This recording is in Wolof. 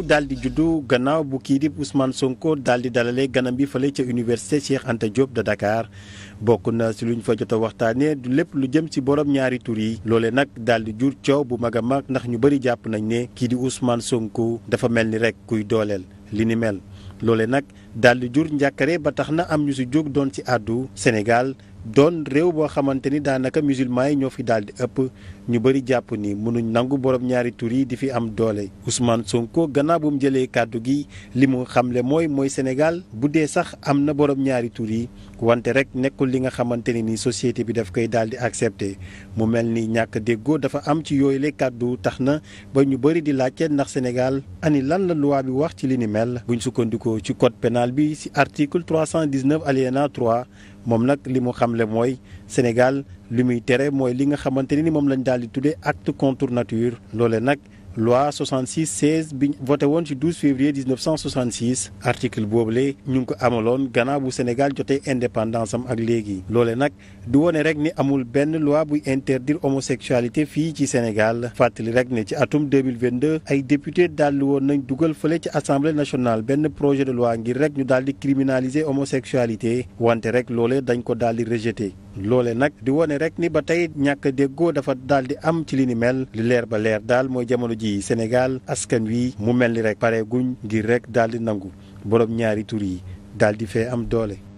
daal di juddu gannaaw bu kii di Ousmane Sonko daal di dalalee ganam bi fële ca université Cheikh Anta Diop de Dakar bokk na si luñ fa jot a waxtaanee du lépp lu jëm ci borom ñaari tur yi loole nag daldi jur coow bu mag a mag ndax ñu bëri jàpp nañ ne kii di Ousmane Sonko dafa mel ni rek kuy dooleel li ni mel loole nag daal di jur njàkkare ba tax na am ñu si jóg doon ci àddu Sénégal. doon réew boo xamante ni daanaka musulman yi ñoo fi daal di ëpp ñu bëri jàpp ni mënuñ nangu borom ñaari tur yi di fi am doole Ousmane Sonko gannaaw bu mu jëlee kàddu gi li mu xamle mooy mooy Sénégal bu dee sax am na borom ñaari tur yi wante rek nekkul li nga xamante ne ni société bi daf koy daal di accepté mu mel ni ñàkk déggoo dafa am ci yooyu le kàddu tax na ba ñu bëri di laajte ndax Sénégal ani lan la loi bi wax ci li ni mel buñ sukkandiku ci code pénal bi ci article 319 alinéa 3 moom nag li mu xam xamle mooy Sénégal li muy tere mooy li nga xamante ni moom lañ daal di tuddee acte contre nature loole nag. loi 66 16 bi voté woon ci 12 février 1966 boobu boobule ñu ngi ko amaloon gannaaw bu Sénégal jotee indépendance am ak léegi loole nag du wone rek ni amul benn loi buy interdire homosexualité fii ci Sénégal fàttali rek ne ci atum 2022 ay député daldi woon nañ dugal fële ci assemblée nationale benn projet de loi ngir rek ñu daal di criminaliser homosexualité wante rek loole dañ ko daal di rejeter. loole nag di wone rek ni ba tey ñàkk déggoo dafa daal di am ci li ni mel li leer ba leer daal mooy jamono ji Sénégal askan wi mu mel ni rek pare guñ ngir rek daal di nangu borom ñaari tur yi daal di fee am doole.